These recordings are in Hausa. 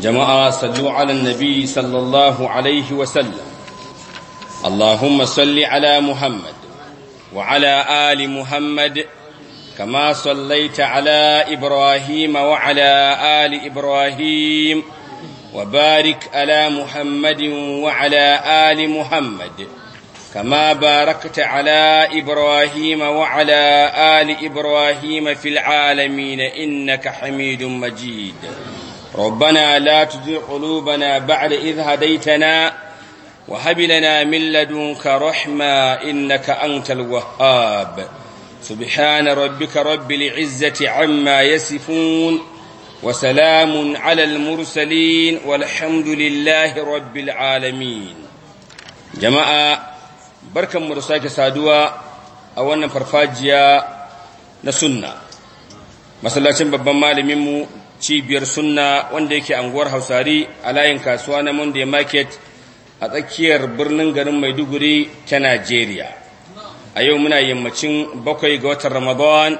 جماعة صلوا على النبي صلى الله عليه وسلم اللهم صل على محمد وعلى آل محمد كما صليت على إبراهيم وعلى آل إبراهيم وبارك على محمد وعلى آل محمد كما باركت على إبراهيم وعلى آل إبراهيم في العالمين إنك حميد مجيد ربنا لا تزغ قلوبنا بعد إذ هديتنا وهب لنا من لدنك رحمة إنك أنت الوهاب سبحان ربك رب العزة عما يصفون وسلام على المرسلين والحمد لله رب العالمين جماعه barkan mu da sake saduwa a wannan farfajiya na sunna masallacin babban malaminmu cibiyar sunna wanda yake anguwar hausari a layin kasuwa na monday market a tsakiyar birnin garin maiduguri ta najeriya a yau muna yammacin bakwai ga watan ramadan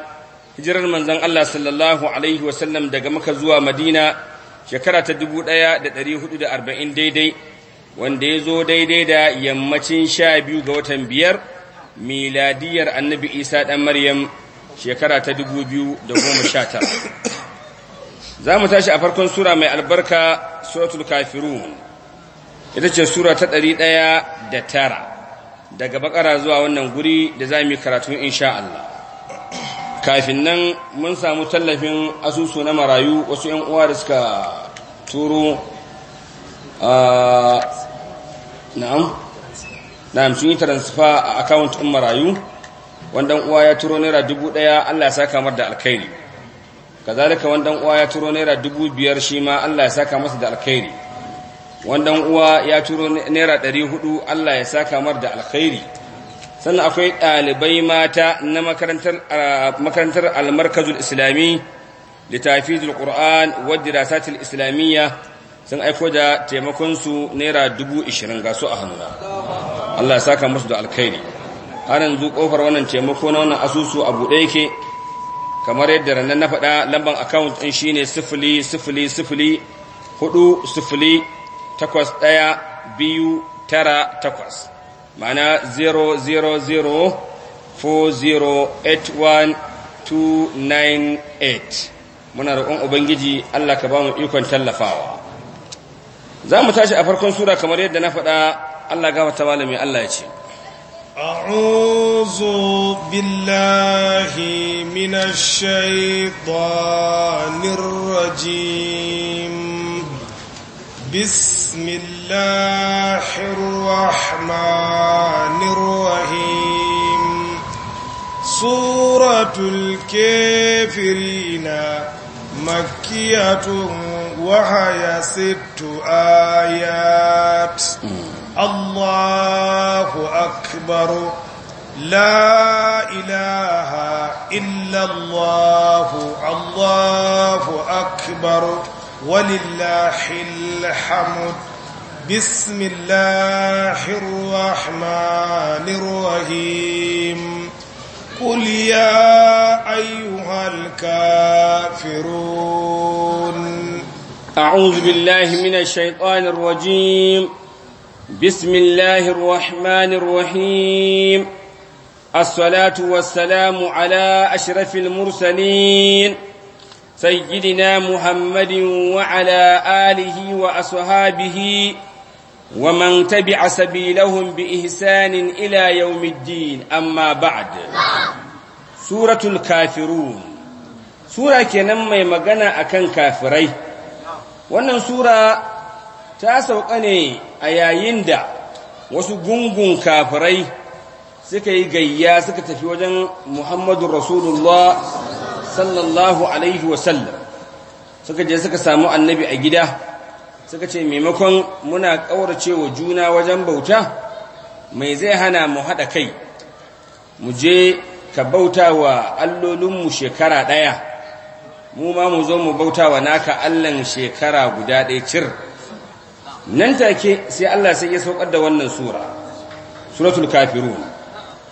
hijirar manzon allah sallallahu alaihi wasallam daga maka zuwa madina shekara ta 1440 daidai wanda ya zo daidai da yammacin sha biyu ga watan biyar miladiyar annabi isa ɗan maryam shekara ta dubu biyu da goma sha tara za mu tashi a farkon sura mai albarka suratul kafiru ita ce sura ta ɗari ɗaya da tara daga bakara zuwa wannan guri da za mu yi karatu insha Allah kafin nan mun samu tallafin asusu na marayu wasu 'yan uwa da suka turo ah, na'am na'am sun yi transfer a account din marayu wandan uwa ya turo naira dubu Allah ya saka masa da alkhairi kazalika wandan uwa ya turo naira dubu biyar shi ma Allah ya saka masa da alkhairi wandan uwa ya turo naira 400 hudu Allah ya saka masa da alkhairi sannan akwai dalibai mata na makarantar al-markazul islami litafizul qur'an wa dirasatil islamiyya sun aiko da taimakonsu naira dubu ishirin ga su a hannuna Allah ya saka musu da alkhairi har yanzu kofar wannan taimako na wannan asusu a buɗe yake kamar yadda rannan na faɗa lamban account ɗin shine sifili sifili sifili hudu sifili takwas ɗaya biyu tara takwas ma'ana 0004081298 muna roƙon ubangiji Allah ka ba mu ikon tallafawa za mu tashi a farkon sura kamar yadda na faɗa Allah gafa ta malami Allah ya ce a'uzu billahi minash shaitanir rajim bismillahir rahmanir rahim suratul kafirina makkiyatun وهي ست آيات الله أكبر لا إله إلا الله الله أكبر ولله الحمد بسم الله الرحمن الرحيم قل يا أيها الكافرون أعوذ بالله من الشيطان الرجيم بسم الله الرحمن الرحيم الصلاة والسلام على أشرف المرسلين سيدنا محمد وعلى آله وأصحابه ومن تبع سبيلهم بإحسان إلى يوم الدين أما بعد سورة الكافرون سورة كنم مغنى أكن كافرين wannan sura ta sauka ne a yayin da wasu gungun kafirai suka yi gayya suka tafi wajen Muhammadu Rasulullah sallallahu alaihi wasallam suka je suka samu annabi a gida suka ce maimakon muna ƙaurace wa juna wajen bauta mai zai hana mu haɗa kai mu je ka bauta wa allolinmu shekara ɗaya mu ma mu zo mu bauta wa naka allan shekara guda ɗaya cir nan take sai Allah sai ya saukar da wannan sura suratul kafirun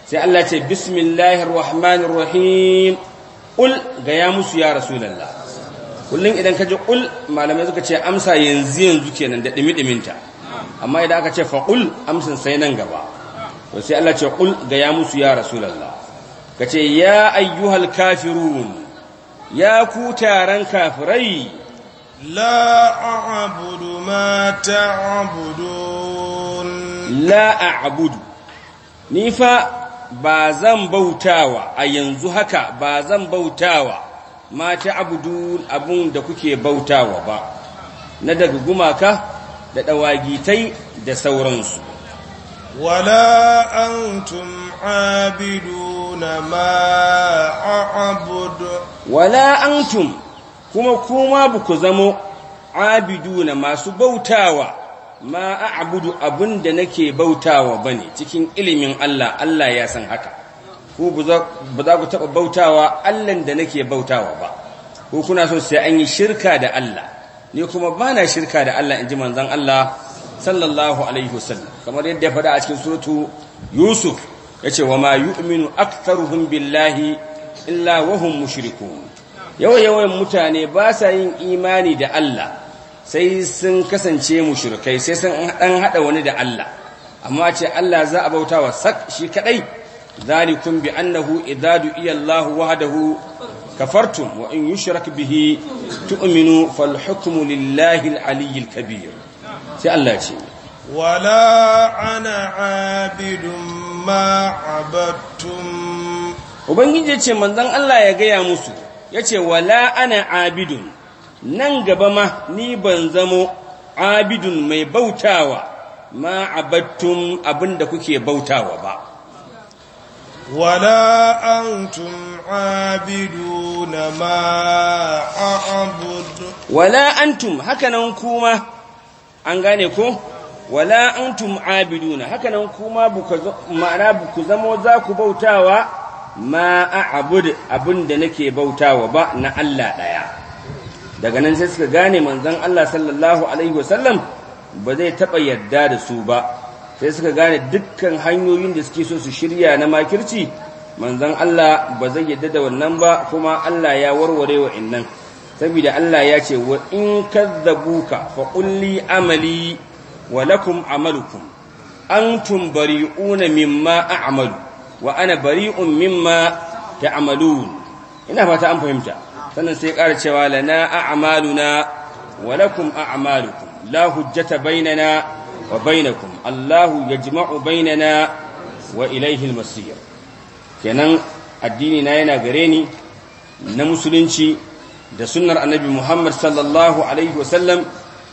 sai Allah ce bismillahir rahmanir rahim qul ga ya musu ya rasulullah kullun idan kaje qul malamai suka ce amsa yanzu yanzu kenan da dimi diminta amma idan aka ce fa qul amsin sai nan gaba to sai Allah ce ul ga ya musu ya rasulullah kace ya ayyuhal kafirun ya ku taron kafirai la a'budu ma ta'budun la a'budu ni fa ba zan bautawa a yanzu haka ba zan bautawa ma ta'budun abun da kuke bautawa ba na daga gumaka da dawagitai da sauransu wala antum abidun تعبدون wala antum kuma kuma buku zamo بكزمو masu bautawa ma ما أعبد nake bautawa bane cikin ilimin allah allah ya san haka ku ba za ku taɓa bautawa Allahn da nake bautawa ba, ko kuna so sai an yi shirka da Allah, ni kuma ba na shirka da Allah inji manzon Allah sallallahu Alaihi wasallam, kamar yadda ya faɗa a cikin suratu Yusuf, yace wa ma yu'minu aktharuhum billahi illa wa hum mushrikun yawa yawan mutane ba sa yin imani da Allah sai sun kasance mushrikai sai sun dan hada wani da Allah amma ce Allah za a bauta wa sak shi kadai zalikum bi annahu idza du'iya Allah wahdahu kafartum wa in yushrak bihi tu'minu fal hukmu lillahi al aliyyil kabir sai Allah ce wala ana abidun ma abattum ubangiji ya ce manzon Allah ya gaya musu ya ce wala ana abidun nan gaba ma ni ban zamo abidun mai bautawa ma abattum abinda kuke bautawa ba wala antum abiduna ma a'budu wala antum hakanan kuma an gane ko wala antum abiduna hakanan kuma ma'ana buku zamo za ku bautawa ma a'bud abinda nake bautawa ba na Allah daya daga nan sai suka gane manzon Allah sallallahu alaihi wasallam ba zai taba yadda da su ba sai suka gane dukkan hanyoyin da suke so su shirya na makirci manzon Allah ba zai yadda da wannan ba kuma Allah ya warware wa innan saboda Allah ya ce wa in kadzabuka fa qulli amali wa lakum amalukum antum bari'una mimma a'malu wa ana bari'un mimma ta'malun ina fata an fahimta sannan sai ƙara cewa lana a'maluna wa lakum a'malukum la hujjata bainana wa bainakum Allahu yajma'u bainana wa ilayhi al-masir kenan addini na yana gare ni na musulunci da sunnar annabi Muhammad sallallahu alaihi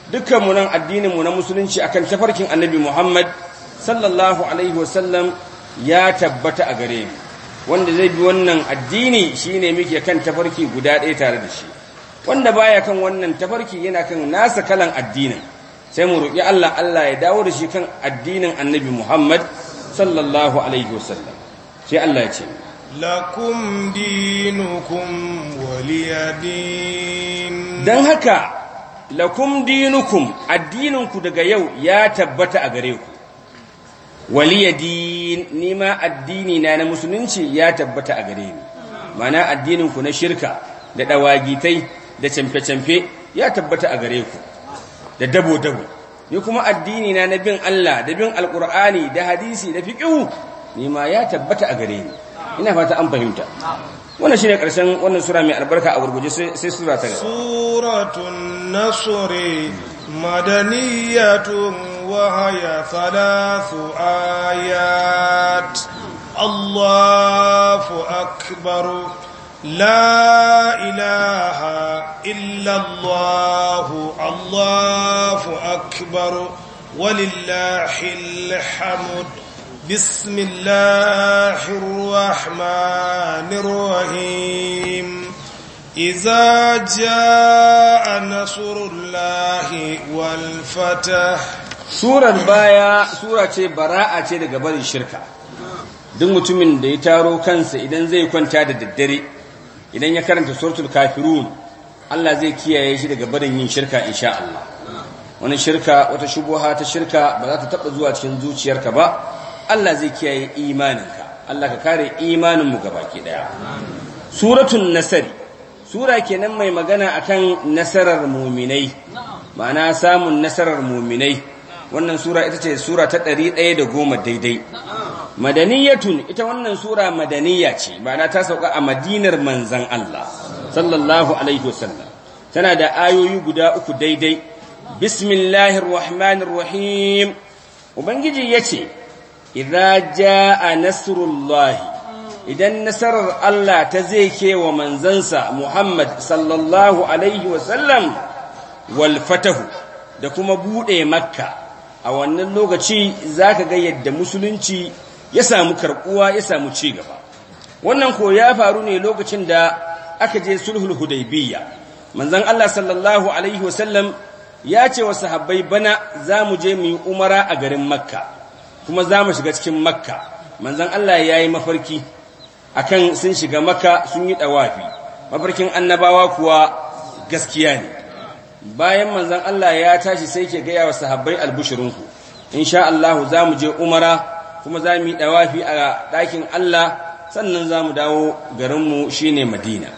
dukkanmu nan mu na musulunci akan tafarkin annabi Muhammad sallallahu alaihi wasallam ya tabbata a gare mu wanda zai bi wannan addini shine muke kan tafarki guda ɗaya tare da shi wanda baya kan wannan tafarki yana kan nasa kalan addinin sai mu roƙi Allah Allah ya dawo da shi kan addinin annabi Muhammad sallallahu alaihi wasallam sai Allah ya ce lakum dinukum waliyadin dan haka lakum dinukum addininku daga yau ya tabbata a gare ku waliyadin nima addini na na musulunci ya tabbata a gare ni mana addininku na shirka da dawagitai da camfe-camfe ya tabbata a gare ku da dabo-dabo ni kuma addini na na bin Allah da bin alkur'ani da hadisi da fiqhu nima ya tabbata a gare ni ina fata an fahimta wannan shine karshen wannan sura mai albarka a gurguje sai sura ta gaba suratul nasr madaniyatun wa hiya thalathu ayat Allahu akbar la ilaha إلا allahu الله أكبر ولله بسم الله الرحمن الرحيم إذا جاء نصر الله والفتح سورة بايا سورة براءة لقبل الشركة duk mutumin da ya taro kansa idan zai kwanta da daddare idan ya karanta suratul kafiru, Allah zai kiyaye shi daga barin yin shirka insha wani shirka wata shubuha ta shirka ba za ta taɓa zuwa cikin zuciyarka ba Allah zai kiyaye imaninka Allah ka kare imaninmu baki daya suratul nasr sura kenan mai magana akan nasarar muminai ma'ana samun nasarar muminai wannan sura ita ce sura ta 110 daidai madaniyatun ita wannan sura madaniya ce ma'ana ta sauka a madinar manzan Allah sallallahu alaihi wasallam tana da ayoyi guda uku daidai bismillahir rahmanir rahim ubangiji yace idza jaa idan nasarar Allah ta zai kewa manzansa Muhammad sallallahu alaihi wasallam wal fatahu da kuma bude makka a wannan lokaci zaka ga yadda musulunci ya samu karkuwa ya samu ci gaba wannan ko ya faru ne lokacin da aka je sulhul hudaybiyya manzon Allah sallallahu alaihi wasallam ya ce wa sahabbai bana za mu je mu yi umara a garin makka kuma za mu shiga cikin makka manzan Allah ya yi mafarki akan sun shiga makka sun yi ɗawafi mafarkin annabawa kuwa gaskiya ne bayan manzan Allah ya tashi sai ke gaya wa sahabbai albushirinku sha Allah za mu je umara kuma za mu yi ɗawafi a ɗakin Allah sannan za mu dawo garinmu shi ne madina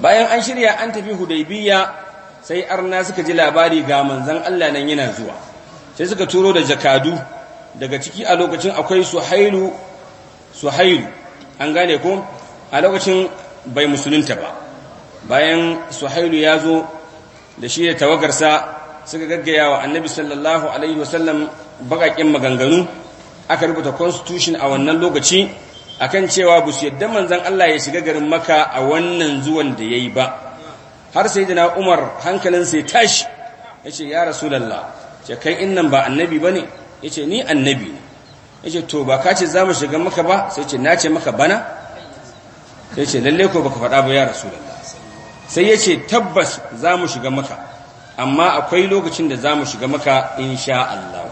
bayan an shirya an tafi Hudaibiyya, sai arna suka ji labari ga manzan Allah nan yana zuwa sai suka turo da jakadu daga ciki a lokacin akwai suhailu suhailu an gane ko a lokacin bai musulunta ba bayan suhailu ya zo da shi ya tawagarsa suka gaggaya wa annabi sallallahu alaihi wasallam bakakin maganganu aka rubuta constitution a wannan lokaci akan cewa bu su yadda manzon Allah ya shiga garin maka a wannan zuwan da yayi ba har sai na Umar hankalinsa ya tashi yace ya rasulallah ce kai innan ba annabi bane yace ni annabi ne ya ce to ba ka ce za mu shiga maka ba sai ce na ce maka bana sai ce lalle ko baka faɗa ba ya rasu sai ya ce tabbas za mu shiga maka amma akwai lokacin da za mu shiga maka insha Allah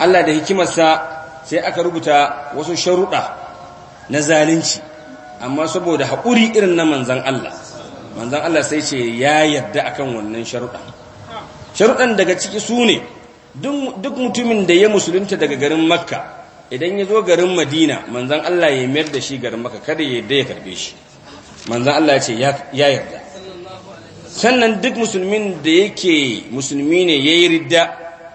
Allah da hikimarsa sai aka rubuta wasu sharuɗa na zalunci amma saboda haƙuri irin na manzan Allah manzan Allah sai ce ya yarda akan wannan sharuɗa sharuɗan daga ciki su ne duk mutumin da ya musulunta daga garin makka idan ya zo garin madina manzan Allah ya mayar da shi garin makka kada ya yarda ya karbe shi manzan Allah ya ce ya yarda sannan duk musulmin da yake musulmi ne ya yi ridda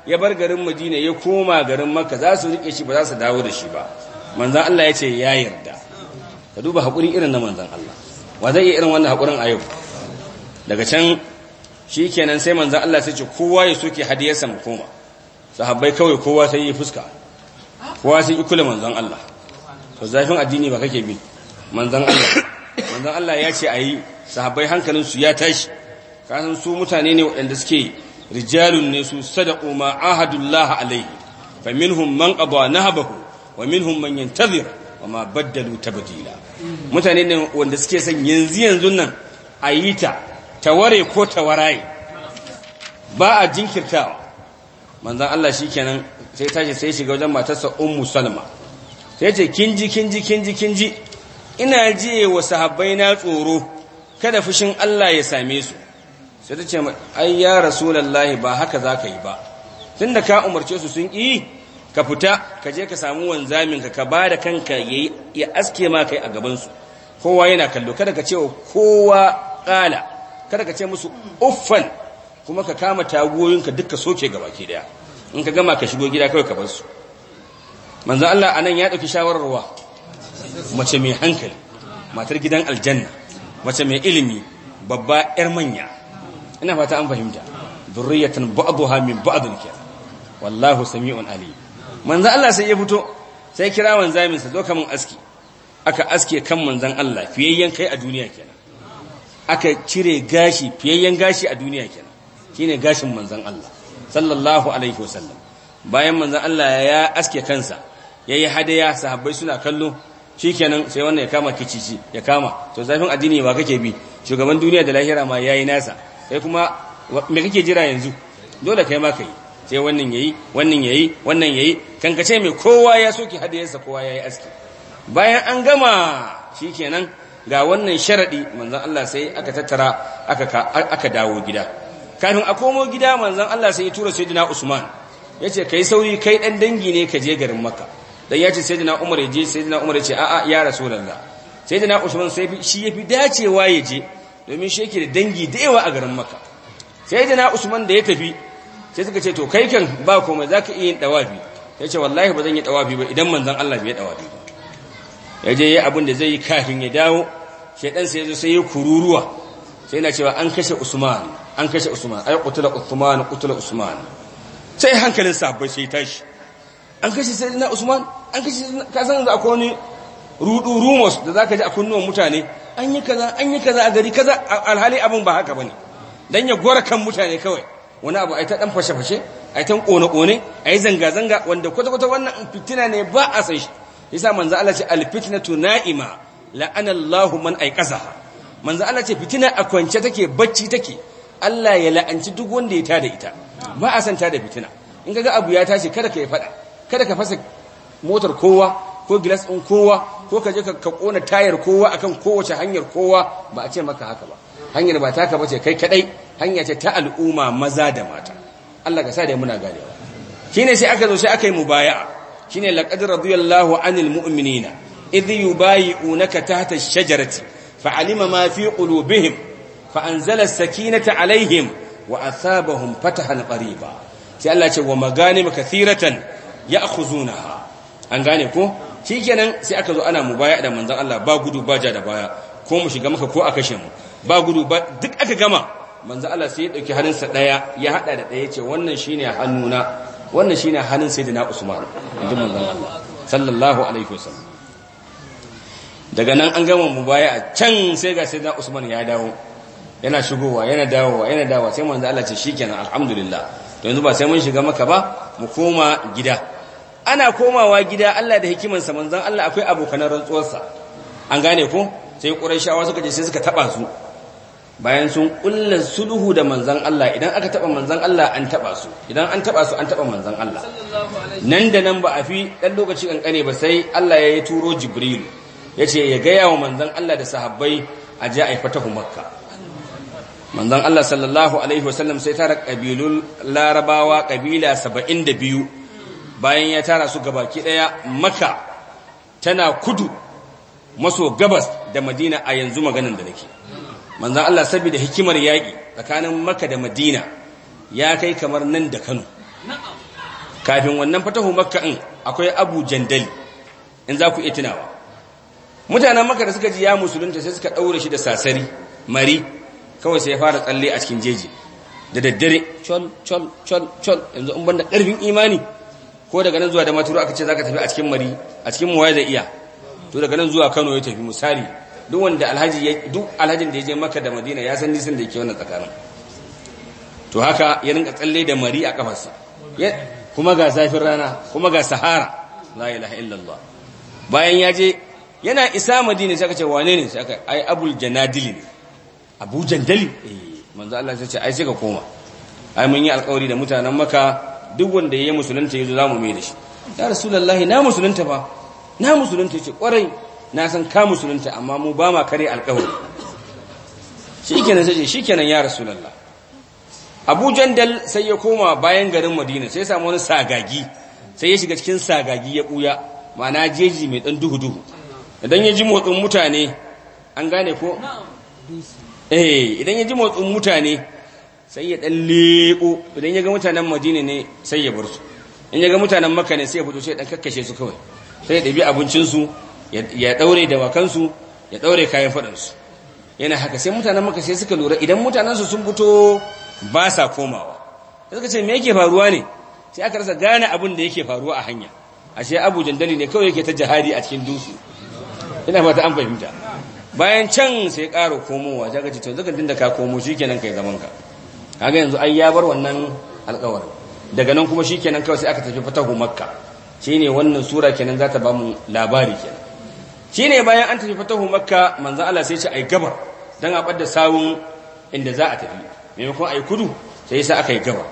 ya bar garin madina ya koma garin makka za su riƙe shi ba za su dawo da shi ba manzan Allah ya ce ya yarda ka duba haƙuri irin na manzan Allah wa zai iya irin wannan haƙurin a yau daga can shi kenan sai manzan Allah sai ce kowa ya soke hadiyarsa mu koma sahabbai kawai kowa sai yi fuska kowa sai yi kula manzan Allah to zafin addini ba kake bi manzan Allah manzan Allah ya ce a yi sahabbai hankalin su ya tashi kasan su mutane ne waɗanda suke rijalun ne su sadaqu ma ahadullah alaihi fa minhum man qada nahbahu wa minhum man yantazir wa ma baddalu tabdila mutane ne wanda suke son yanzu yanzu nan ayita taware ko tawaraye ba a jinkirtawa manzan Allah shi kenan sai tashi sai shiga wajen matarsa ummu salma sai ce kinji kinji kinji kinji ina jiye wa sahabbai na tsoro kada fushin Allah ya same su sai ta ce ai ya rasulullahi ba haka za ka yi ba tunda ka umarce su sun yi ka fita ka je ka samu wanzamin ka ka bada kanka ya aske ma kai a gaban su kowa yana kallo kada ka ce kowa kala kada ka ce musu uffan kuma ka kama tagoyinka ka ka soke ga baki daya in ka gama ka shigo gida kawai ka bar su manzo Allah anan ya dauki shawararwa mace mai hankali matar gidan aljanna mace mai ilimi babba yar manya ina fata an fahimta durriyatan ba'daha min ba'din wallahu sami'un ali manzo Allah sai ya fito sai kira wanzamin sa zo ka mun aski aka aske kan manzon Allah fiyayyen kai a duniya kenan aka cire gashi fiyayyen gashi a duniya kenan shine gashin manzon Allah sallallahu alaihi wasallam bayan manzon Allah ya aske kansa yayi hadaya sahabbai suna kallo shikenan sai wannan ya kama kicici ya kama to zafin addini ba kake bi shugaban duniya da lahira ma yayi nasa sai kuma me kake jira yanzu dole kai ma kai sai wannan yayi wannan yayi wannan yayi kankace mai kowa ya soki hadayarsa kowa yayi aski bayan an gama shikenan ga wannan sharaɗi manzan Allah sai aka tattara aka dawo gida kafin a komo gida manzon Allah sai ya tura sayyidina Usman yace kai sauri kai dan dangi ne ka je garin Makka dan yace sayyidina Umar ya je sayyidina Umar yace a'a ya rasulullah sayyidina Usman sai shi fi dacewa ya je domin shi yake da dangi da yawa a garin Makka sayyidina Usman da ya tafi sai suka ce to kai kan ba komai zaka iya yin dawafi yace wallahi ba zan yi dawafi ba idan manzon Allah bai dawafi ba yaje yayi abin da zai yi kafin ya dawo shedan sai ya zo sai ya kururuwa sai yana cewa an kashe usman an kashe usman ai qutula usman qutula usman sai hankalin sahabbai sai tashi an kashe sayyidina usman an kashe ka san da akwai wani rudu rumors da zaka ji a kunnuwan mutane an yi kaza an yi kaza a gari kaza alhali abin ba haka bane dan ya gora kan mutane kawai wani abu ai ta dan fashe fashe ai ta kone kone ai zanga zanga wanda kwata kwata wannan fitina ne ba a san shi yasa manzo Allah ce al fitnatu na'ima la'ana Allahu man aiqazaha manzo Allah ce fitina a kwance take bacci take Allah ya la'anci duk wanda ya tada ita ba a san tada fitina in kaga abu ya tashi kada ka yi fada kada ka fasa motar kowa ko gilas ɗin kowa ko ka je ka kona tayar kowa akan kowace hanyar kowa ba a ce maka haka ba hanyar ba taka bace kai kadai hanya ce ta al'umma maza da mata Allah ka sa da muna ganewa shine sai aka zo sai aka yi mubaya'a shine laqad radiyallahu anil mu'minina idh yubayi'unaka tahta ash-shajarati فعلم ما في قلوبهم فأنزل السكينة عليهم وأثابهم فتحا قريبا sai Allah ce wa maganim kathiratan ya'khuzunaha an gane ko shikenan sai aka zo ana mubaya da manzon Allah ba gudu ba ja da baya ko mu shiga maka ko a kashe mu ba gudu ba duk aka gama manzon Allah sai ya dauki sa ɗaya ya haɗa da ɗaya ce wannan shine hannuna wannan shine hannun Usman daga nan an gama mubaya can sai ga sai usman ya dawo yana shigowa yana dawowa yana dawowa sai manzo Allah ce shikenan alhamdulillah to yanzu ba sai mun shiga maka ba mu koma gida ana komawa gida Allah da hikimansa manzon Allah akwai rantsuwar sa an gane ko sai qurayshawa suka je sai suka taba su bayan sun kulla sulhu da manzon Allah idan aka taba manzon Allah an taba su idan an taba su an taba manzon Allah nan da nan ba a fi dan lokaci kankane ba sai Allah ya yi turo Jibrilu ya ce ya gaya wa manzan Allah da sahabbai a ji a yi fatahu makka manzan Allah sallallahu alaihi wasallam sai tara ƙabilun larabawa ƙabila saba'in da biyu bayan ya tara su gabaki ɗaya maka tana kudu maso gabas da madina a yanzu maganin da nake manzan Allah saboda hikimar yaƙi tsakanin maka da madina ya kai kamar nan da kano kafin wannan fatahu makka in akwai abu jandali in za ku iya tunawa mutanen maka da suka ji ya musulunta sai suka ɗaure shi da sasari mari kawai sai ya fara tsalle a cikin jeji da daddare col col col col yanzu in banda ƙarfin imani ko daga nan zuwa da maturu aka ce za ka tafi a cikin mari a cikin muwaye da iya to daga nan zuwa Kano ya tafi misali duk wanda alhaji duk alhajin da ya je maka da Madina ya san nisan da yake wannan tsakanin to haka ya rinka tsalle da mari a kafarsa kuma ga zafin rana kuma ga sahara la ilaha illallah bayan ya je yana isa madina sai aka ce wane ne sai aka ai abul janadili ne abu jandali eh manzo Allah sai ce ai sai ka koma ai mun yi alƙawari da mutanen maka duk wanda yayi musulunta yazo zamu mai da shi ya rasulullahi na musulunta ba na musulunta ce kwarai na san ka musulunta amma mu ba ma kare alƙawari shikenan sai shikenan ya rasulullahi abu jandal sai ya koma bayan garin madina sai ya samu wani sagagi sai ya shiga cikin sagagi ya buya ma'ana jeji mai dan duhu duhu idan ya ji motsin mutane an gane ko eh idan ya ji motsin mutane sai ya dan leko idan ya ga mutanen madina ne sai ya bar su in ya ga mutanen makka ne sai ya fito sai ya dan kakkashe su kawai sai ya ɗabi su ya daure da wakan su ya daure kayan su yana haka sai mutanen maka sai suka lura idan mutanen su sun fito ba sa komawa sai suka ce me yake faruwa ne sai aka rasa gane abin da yake faruwa a hanya ashe abu jandali ne kawai yake ta jihadi a cikin dusu ina mata an fahimta bayan can sai ƙara komowa ta gaci to zaka dinda ka komo shikenan kai zaman ka kaga yanzu ai ya bar wannan alƙawarin daga nan kuma shikenan kawai sai aka tafi fatahu makka shine wannan sura kenan za ta ba mu labari kenan shine bayan an tafi fatahu makka manzo Allah sai ya ce ai gaba dan a da sawun inda za a tafi maimakon ai kudu sai sa aka yi gaba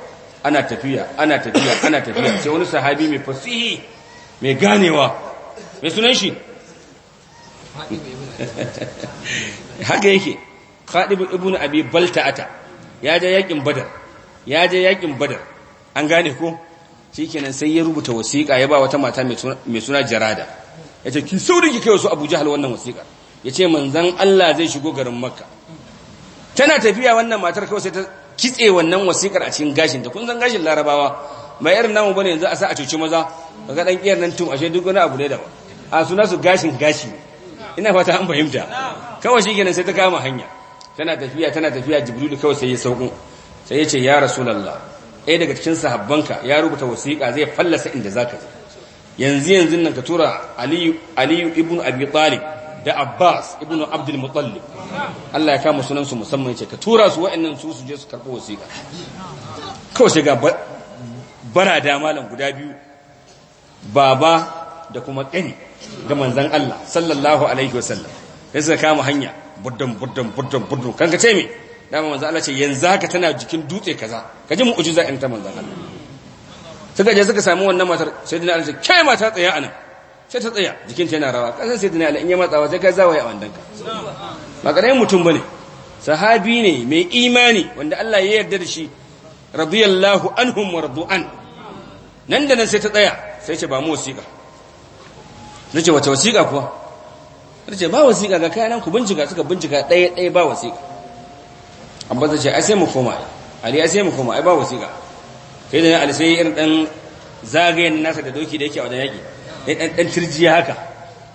ana tafiya ana tafiya ana tafiya sai wani sahabi mai fasihi mai ganewa mai sunan shi haka yake khadibu ibnu abi balta'ata ya je yakin badar ya je yakin badar an gane ko shikenan sai ya rubuta wasiƙa ya ba wata mata mai suna jarada yace ki sauri ki kai wasu Abu Jahal wannan wasiƙa yace manzon Allah zai shigo garin Makka tana tafiya wannan matar kawai sai ta kitse wannan wasiƙar a cikin gashin ta kun san gashin Larabawa mai irin namu bane yanzu a sa a cuci maza kaga dan kiyar nan tum ashe duk wani abu ne da ba a suna su gashin gashi ina fata an fahimta kawai shi kenan sai ta kama hanya tana tafiya tana tafiya jibrilu kawai sai ya sauko sai ya ce ya rasulullah ɗaya daga cikin sahabbanka ya rubuta wasiƙa zai fallasa inda zaka je yanzu yanzu nan ka tura aliyu aliyu ibn abi talib da abbas ibn abdul muttalib Allah ya kama sunan su musamman ce ka tura su wa'annan su su je su karbo wasiƙa kawai sai ga bara da malam guda biyu baba da kuma ƙani ga manzan Allah sallallahu alaihi wasallam sai suka kama hanya buddun buddun buddun buddun kan ka ce mai dama manzan Allah ce yanzu haka tana jikin dutse kaza ka ji mu'uji za'in ta manzan Allah suka je suka samu wannan matar sai dina Allah ce kai mata tsaya nan sai ta tsaya jikinta yana rawa kasan sai dina Allah in ya matsawa sai kai zawaye a ka ba karayin mutum bane sahabi ne mai imani wanda Allah ya yarda da shi radiyallahu anhum wa radu'an nan da nan sai ta tsaya sai ce ba mu wasiƙa na ce wace wasiƙa kuwa na ba wasiƙa ga kayan ku bincika suka bincika ɗaya ɗaya ba wasiƙa amma ta ce ai sai mu koma ali ai sai mu koma ai ba wasiƙa sai da ali sai irin dan zagayen nasa da doki da yake a wajen dan dan turjiya haka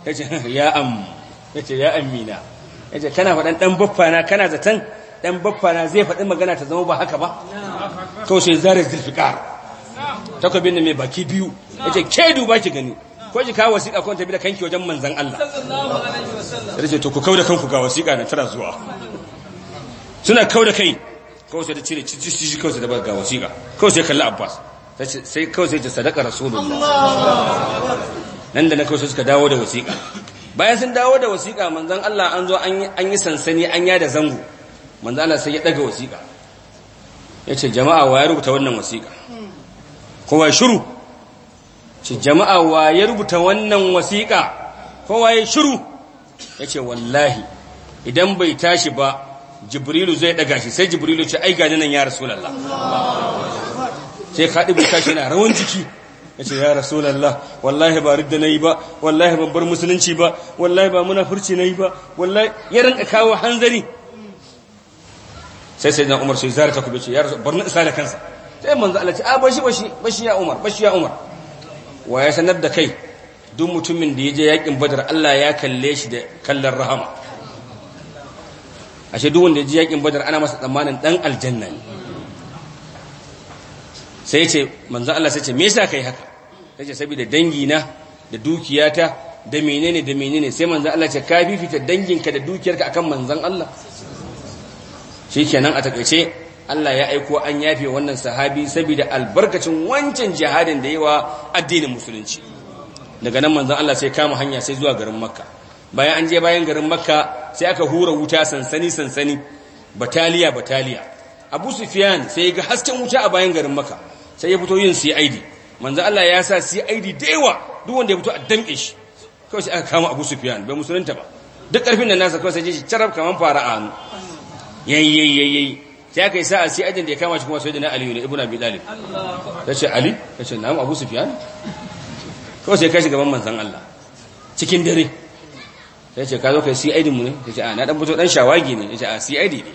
ya ya am ya ce ya amina kana fa dan faɗan baffa baffana kana zaton baffa baffana zai faɗi magana ta zama ba haka ba kawai sai zare zulfiƙar Takobin da mai baki biyu ya ce ke duba ki gani ko shi kawo wasiƙa ko tafi da kanki wajen manzan Allah sallallahu alaihi wasallam sai to ku kauda kanku ga wasiƙa na tara zuwa suna kauda kai kawai sai da cire cici cici kawai sai ta ga wasiƙa kawai sai kalli Abbas sai kawai sai ta sadaka rasulullah nan da na sai suka dawo da wasiƙa bayan sun dawo da wasiƙa manzan Allah an zo an yi sansani an ya da zango manzan Allah sai ya daga wasiƙa ya ce jama'a wa ya rubuta wannan wasiƙa hmm. kowa shiru ce jama'a wa ya rubuta wannan wasiƙa kowa ya shiru ya ce wallahi idan bai tashi ba jibrilu zai daga shi sai jibrilu ce ai gani nan ya rasulallah sai bai tashi na rawan jiki ya ce ya rasulallah wallahi ba ridda na yi ba wallahi babbar musulunci ba wallahi ba muna furci na yi ba wallahi ya rinka kawo hanzari sai sai na umar sai zara ta kube ce ya rasu bar na isa da kansa sai manzo Allah ce a ah, bashi bashi bashi ya umar bashi ya umar wa ya sanar da kai duk mutumin da ya je yakin badar Allah ya kalle shi da kallon rahama ashe duk wanda ya je yakin badar ana masa tsammanin dan aljanna ne sai ya ce manzo Allah sai ce me yasa kai haka sai ce saboda dangi na da dukiyata da menene da menene sai manzo Allah ce ka fifita danginka da dukiyarka akan manzan Allah kenan a takaice Allah ya aiko an yafe wannan sahabi saboda albarkacin wancan jihadin da yawa addinin musulunci daga nan manzon Allah sai kama hanya sai zuwa garin Makka bayan an je bayan garin Makka sai aka hura wuta sansani sansani bataliya bataliya Abu Sufyan sai ya ga hasken wuta a bayan garin Makka sai ya fito yin CID manzon Allah ya sa CID da yawa duk wanda ya fito a damƙe shi kawai sai aka kama Abu Sufyan bai musulunta ba duk ƙarfin da nasa kawai sai ya ci kaman fara a hannu yayi yayi yayi sai aka yi sa'a sai ajin da ya kama shi kuma sayyidina aliyu ne Abu abi talib ta ce ali ta ce na'am abu sufyan kawai sai kashi gaban manzon Allah cikin dare ta ce ka zo kai CID mu ne ta ce a na dan fito dan shawagi ne ta ce a CID ne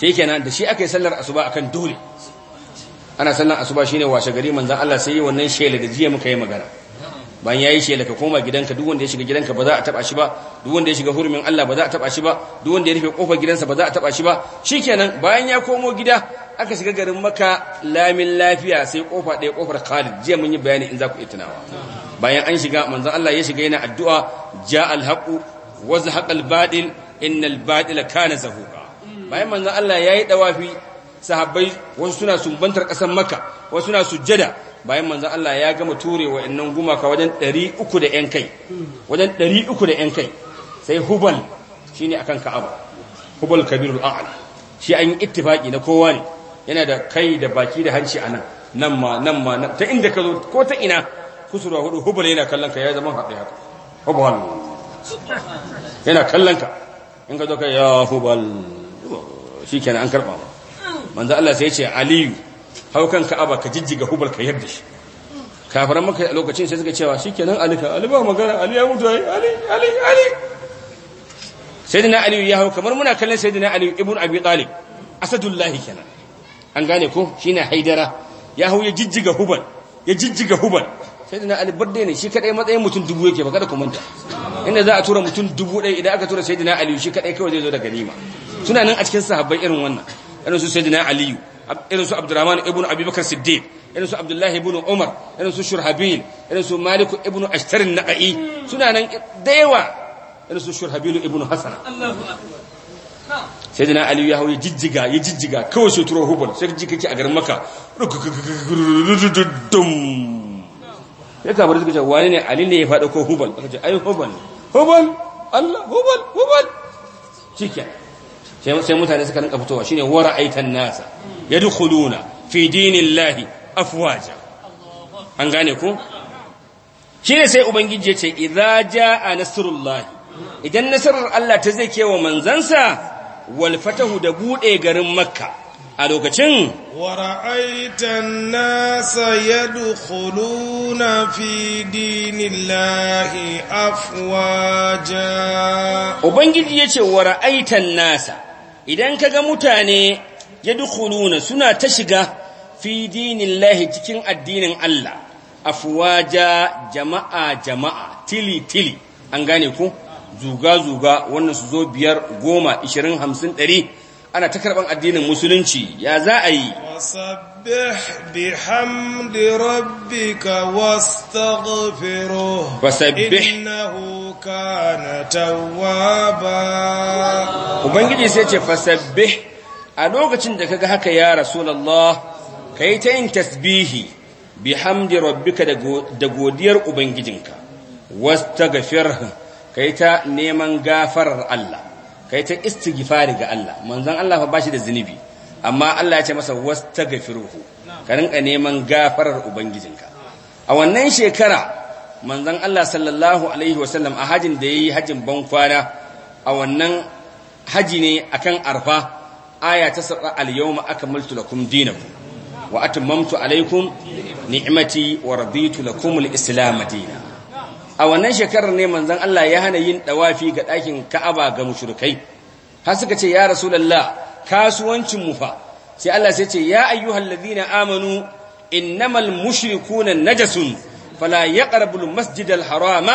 sai kenan da shi aka yi sallar asuba akan dole ana sallar asuba shine washe gari manzon Allah sai yi wannan shela da jiya muka yi magana bayan yayi shela ka koma gidanka duk wanda ya shiga gidanka ba za a taba shi ba duk wanda ya shiga hurumin Allah ba za a taba shi ba duk wanda ya rufe kofar gidansa ba za a taba shi ba shikenan bayan ya komo gida aka shiga garin maka lamin lafiya sai kofa ɗaya kofar Khalid jiya mun yi bayani in za ku iya tunawa bayan an shiga manzon Allah ya shiga yana addu'a ja alhaqu haqu wa zahaqal batil innal batila kana zahuqa bayan manzon Allah yayi dawafi sahabbai wasu suna sumbantar kasar maka wasu suna sujjada bayan manzon Allah ya gama ture wa'annan gumaka wajen 300 da yan kai wajen da yan kai sai hubal shine akan ka'aba hubal kabirul a'la shi an yi ittifaki na kowa ne yana da kai da baki da hanci anan nan ma nan ma ta inda ka zo ko ta ina kusurwa hudu hubal yana kallon ka ya zama haɗe haka hubal yana kallon ka in ka zo ka ya hubal an Allah sai ya ce aliyu hau kan ka'aba ka jijjiga hubal ka yadda shi kafaran maka a lokacin sai suka cewa shikenan ali ka ali ba magana ali ya mutu ali ali ali sayyidina ali ya hau kamar muna kallon sayyidina ali ibn abi talib asadullahi kenan an gane ko shine haidara ya hau ya jijjiga hubal ya jijjiga hubal sayyidina ali birthday ne shi kadai matsayin mutum dubu yake ba kada kumanta. inda za a tura mutum dubu ɗaya idan aka tura sayyidina ali shi kadai kawai zai zo da ganima suna nan a cikin sahabbai irin wannan irin su sayyidina aliyu irin su abdurrahman ibn abubakar siddiq irin su abdullahi ibn umar irin su shurhabil irin su maliku ibn Ashtar na'i suna nan Daywa, yawa irin su ibn hasana sai jina aliyu ya hau ya jijjiga ya jijjiga kawai sai turo hubal sai ji a garin maka ya kafa suka ce wani ne ali ne ya faɗa ko hubal aka ce ai hubal ne hubal allah hubal hubal shi sai mutane suka rinka fitowa shine wara aitan nasa yadkhuluna fi dinillahi afwaja an gane ko shine sai ubangiji ya ce idza jaa nasrullah idan nasarar Allah ta zai kewa manzansa wal fatahu da bude garin makka a lokacin wara'aitan nasa yadkhuluna fi dinillahi afwaja ubangiji yace wara'aitan nasa idan kaga mutane yadkhuluna suna ta shiga fi dinillahi cikin addinin Allah afwaja jama'a jama'a tili tili an gane ku zuga zuga wannan su zo biyar goma ishirin hamsin ɗari ana ta karɓar addinin musulunci ya za a yi wasabbih bihamdi rabbika innahu kana ubangiji sai ce fasabbih a lokacin da kaga haka ya rasulallah ka yi ta yin tasbihi bihamdi rabbika da godiyar ubangijinka ta ka yi ta neman gafarar Allah yi ta istighfari ga Allah manzon Allah fa bashi da zunubi amma Allah ya ce masa ta wastaghfiruhu ka rinka neman gafarar ubangijinka a wannan shekara manzon Allah sallallahu alaihi wasallam a hajin da yayi hajin kwana a wannan haji ne akan arfa aya ta saba al-yawma akmaltu lakum dinakum wa atmamtu alaykum ni'mati wa raditu lakum al-islam dinan a wannan shekarar ne manzon Allah ya hana yin dawafi ga ɗakin Ka'aba ga mushrikai har suka ce ya rasulullah kasuwancin mu fa sai Allah sai ce ya ayyuhal ladina amanu innamal mushrikuna najasun fala yaqrabul masjidal harama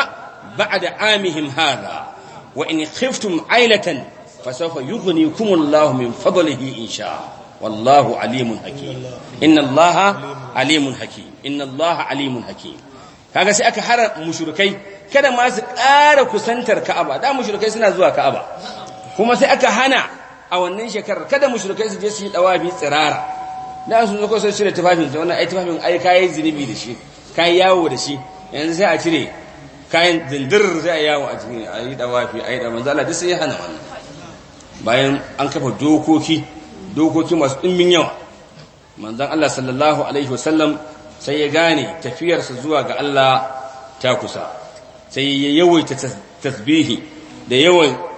ba'da amihim hadha wa in khiftum ailatan fasawfa yughnikumullahu min fadlihi insha wallahu alimun hakim inna allaha alimun hakim inna allaha alimun hakim kaga sai aka hara mushrikai kada ma su ƙara kusantar Ka'aba da mushrikai suna zuwa Ka'aba kuma sai aka hana a wannan shekarar kada mushrikai su je su yi dawabi tsirara da sun zo sai cire tufafin su wannan ai tufafin ai kai zinubi da shi kai yawo da shi yanzu sai a cire kayan dindir sai a yawo a cikin ayi dawafi ayi da manzo Allah duk sai ya hana wannan bayan an kafa dokoki dokoki masu ɗimbin yawa manzan Allah sallallahu alaihi wasallam sai ya gane tafiyarsa zuwa ga Allah ta kusa sai ya yawaita tasbihi da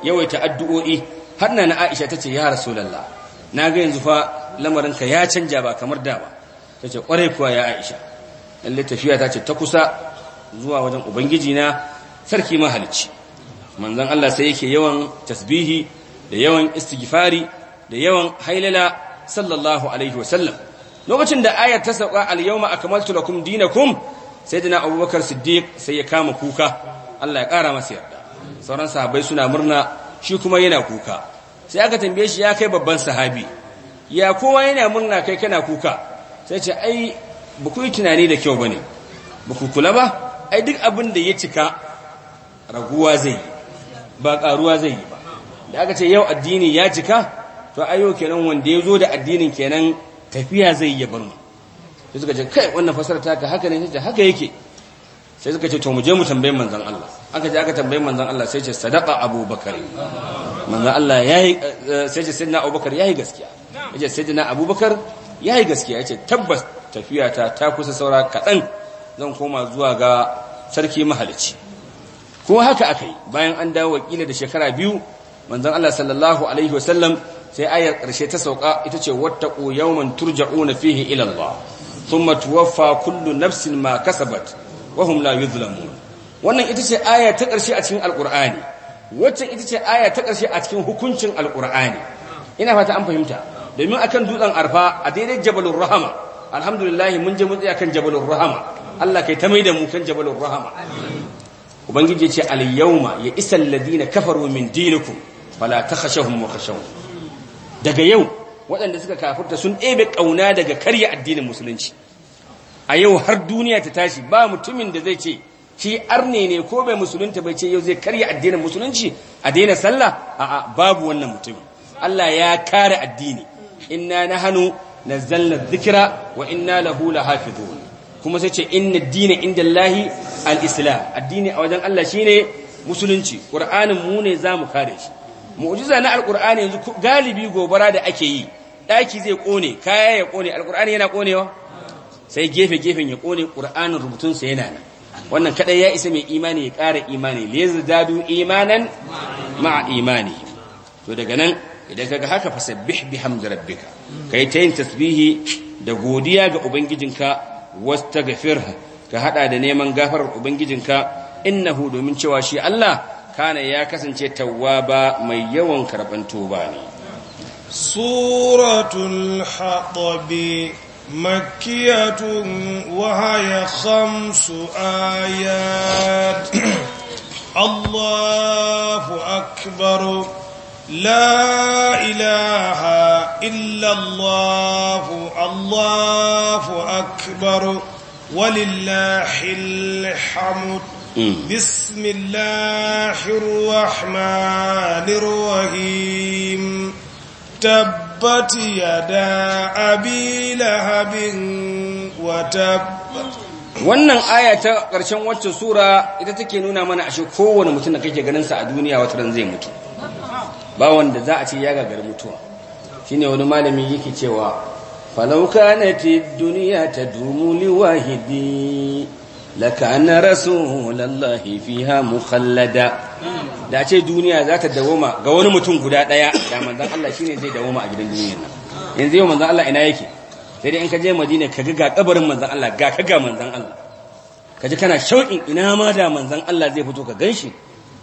yawaita addu'o'i har na Aisha ce ya rasu lalla na ga yanzu fa lamarinka ya canja ba kamar da ba ce kwarai kuwa ya Aisha lalle tafiya ta ce ta kusa zuwa wajen ubangiji na sarki mahalici manzan Allah sai yake yawan tasbihi da yawan istighfari da yawan hailala sallallahu alaihi wasallam lokacin da ayar ta sauka al-yawma akmaltu lakum dinakum sayyidina abubakar siddiq sai ya kama kuka Allah ya kara masa yarda sauran sahabbai suna murna shi kuma yana kuka sai aka tambaye shi ya kai babban sahabi ya kowa yana murna kai kana kuka sai ce ai ba ku yi tunani da kyau bane ba ku kula ba ai duk abin da ya cika raguwa zai ba karuwa zai yi ba da aka ce yau addini ya cika to ayo kenan wanda ya zo da addinin kenan tafiya zai yi bar mu sai suka ce kai wannan fasara ta ka haka ne sai haka yake sai suka ce to mu je mu tambayi manzon Allah aka je aka tambayi manzon Allah sai ce sadaqa abubakar manzon Allah yayi eh, sai ce sayyidina abubakar yayi gaskiya yace sayyidina abubakar yayi gaskiya yace tabbas tafiya ta ta kusa saura kadan zan koma zuwa ga sarki mahalici ko haka akai bayan an dawo wakila da shekara biyu manzon Allah sallallahu alaihi wasallam sai ayar karshe ta sauka ita ce wattaqu yawman turja'una fihi ila Allah thumma tuwaffa kullu nafsin ma kasabat wa hum la yuzlamun wannan ita ce aya ta karshe a cikin alqur'ani wacce ita ce aya ta karshe a cikin hukuncin alqur'ani ina fata an fahimta domin akan dutsen arfa a daidai jabalur rahama alhamdulillah mun je mun tsaya kan jabalur rahama Allah kai ta mai da mu kan jabalur rahama ubangiji ya ce al yawma ya isal ladina kafaru min dinikum fala takhashawhum wa khashaw daga yau waɗanda suka kafirta sun ɗebe ƙauna daga karya addinin musulunci a yau har duniya ta tashi ba mutumin da zai ce shi arne ne ko bai musulunta bai ce yau zai karya addinin musulunci a daina sallah a'a babu wannan mutumin Allah ya kare addini inna nahnu nazzalna dhikra wa inna lahu lahafizun kuma sai ce inna dina inda Allahi al-islam addini a wajen Allah shine musulunci qur'anin mu ne zamu kare shi mu'jiza na alkur'ani yanzu galibi gobara da ake yi daki zai kone kaya ya kone alkurani yana konewa sai gefe gefen ya kone qur'anin rubutun sa yana nan wannan kadai ya isa mai imani ya kara imani dadu imanan ma'a imani to daga nan idan kaga haka fasabbih bihamdi rabbika kai ta yin tasbihi da godiya ga ubangijinka wastagfirha ka hada da neman gafarar ubangijinka innahu domin cewa shi Allah kana ya kasance tawwaba mai yawan karban tuba ne suratul hatabi makkiyatun wa haya khamsu ayat Allahu akbar la ilaha إلا allahu الله أكبر ولله الحمد بسم الله الرحمن الرحيم تبت يدا أبي لهب وتبت wannan aya ta ƙarshen wacce sura ita take nuna mana ashe kowane mutum da kake ganin sa a duniya wata ran zai mutu ba wanda za a ce ya gagari mutuwa shine wani malami yake cewa falau kanati dunya tadumu liwahidi lakana rasulallahi fiha mukhallada da ce duniya za ta dawoma ga wani mutum guda daya da manzon Allah shine zai dawoma a gidan duniyar nan yanzu yau manzon Allah ina yake sai dai in ka je Madina ka ga kabarin manzon Allah ga ka ga manzon Allah ka ji kana shauƙin ina ma da manzon Allah zai fito ka ganshi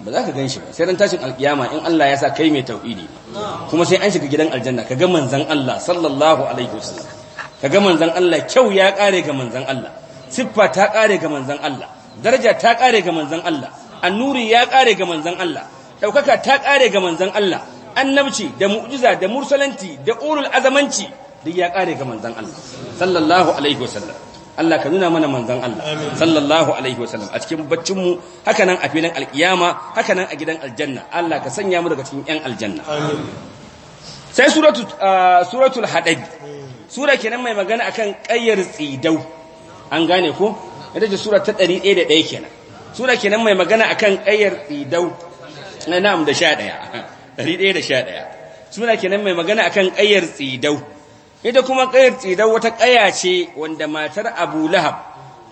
ba za ka ganshi ba sai ran tashin alkiyama in Allah ya sa kai mai tauhidi kuma sai an shiga gidan aljanna ka ga manzon Allah sallallahu alaihi wasallam ka ga manzon Allah kyau ya kare ga manzon Allah siffa ta kare ga manzon Allah daraja ta kare ga manzon Allah annuri ya kare ga manzon Allah daukaka ta kare ga manzon Allah annabci da mu'jiza da mursalanti da ulul azamanci duk ya kare ga manzon Allah sallallahu alaihi wasallam Allah ka nuna mana manzon Allah sallallahu alaihi wasallam a cikin baccin mu haka nan a filin alkiyama haka nan a gidan aljanna Allah ka sanya mu daga cikin yan aljanna sai suratul ah, suratul hadid sura kenan mai magana akan qayyar tsidau an gane ko ita ce sura ta 101 kenan sura kenan mai magana akan ƙayyar idau na na'am da 11 111 sura kenan mai magana akan ƙayyar tsidau ita kuma ƙayyar tsidau wata kaya ce wanda matar Abu Lahab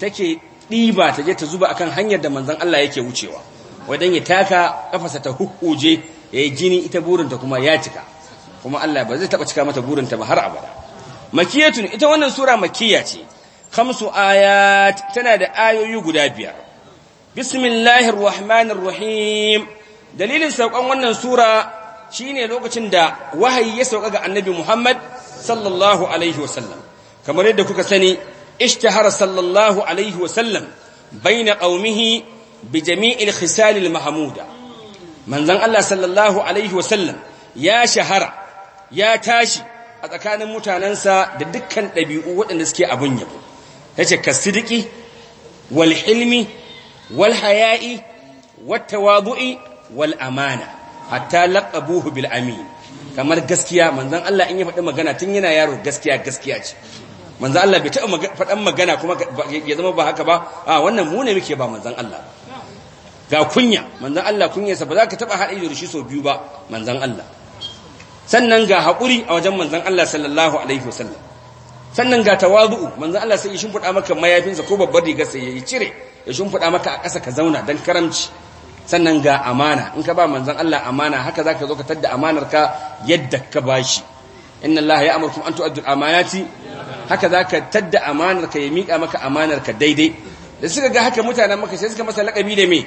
take ɗiba ta je ta zuba akan hanyar da manzon Allah yake wucewa wadan ya taka kafasa ta hukuje yayi jini ita burinta kuma ya cika kuma Allah ba zai taba cika mata burinta ba har abada makiyatun ita wannan sura makiya ce khamsu ayat tana da ayoyi guda biyar bismillahir rahmanir rahim dalilin saukan wannan sura shine lokacin da wahayi ya sauka ga annabi Muhammad sallallahu alaihi wasallam kamar yadda kuka sani ishtahara sallallahu alaihi wasallam baina qaumihi bi jami'il khisal mahmuda manzon Allah sallallahu alaihi wasallam ya shahara ya tashi a tsakanin mutanansa da dukkan ɗabi'u waɗanda suke abun yabo yace kasidiki wal hilmi wal haya'i wat tawadu'i wal amana hatta laqabuhu bil amin kamar gaskiya manzon Allah in ya faɗi magana tun yana yaro gaskiya gaskiya ce manzon Allah bai taɓa faɗan magana kuma ya zama ba haka ba a wannan mu ne muke ba manzon Allah ga kunya manzon Allah kunyarsa ba za ka taɓa haɗe da shi so biyu ba manzon Allah sannan ga haƙuri a wajen manzon Allah sallallahu alaihi wasallam sannan ga tawadu'u manzon Allah sai ya shimfida maka mayafinsa ko babbar rigar sai ya cire ya shimfida maka a ƙasa ka zauna dan karamci sannan ga amana in ka ba manzon Allah amana haka zaka zo ka tadda amanarka yadda ka bashi inna Allah ya amurkum an tu'addu amanati haka zaka tadda amanar ya mika maka amanar ka daidai da suka ga haka mutanen maka sai suka masa lakabi da me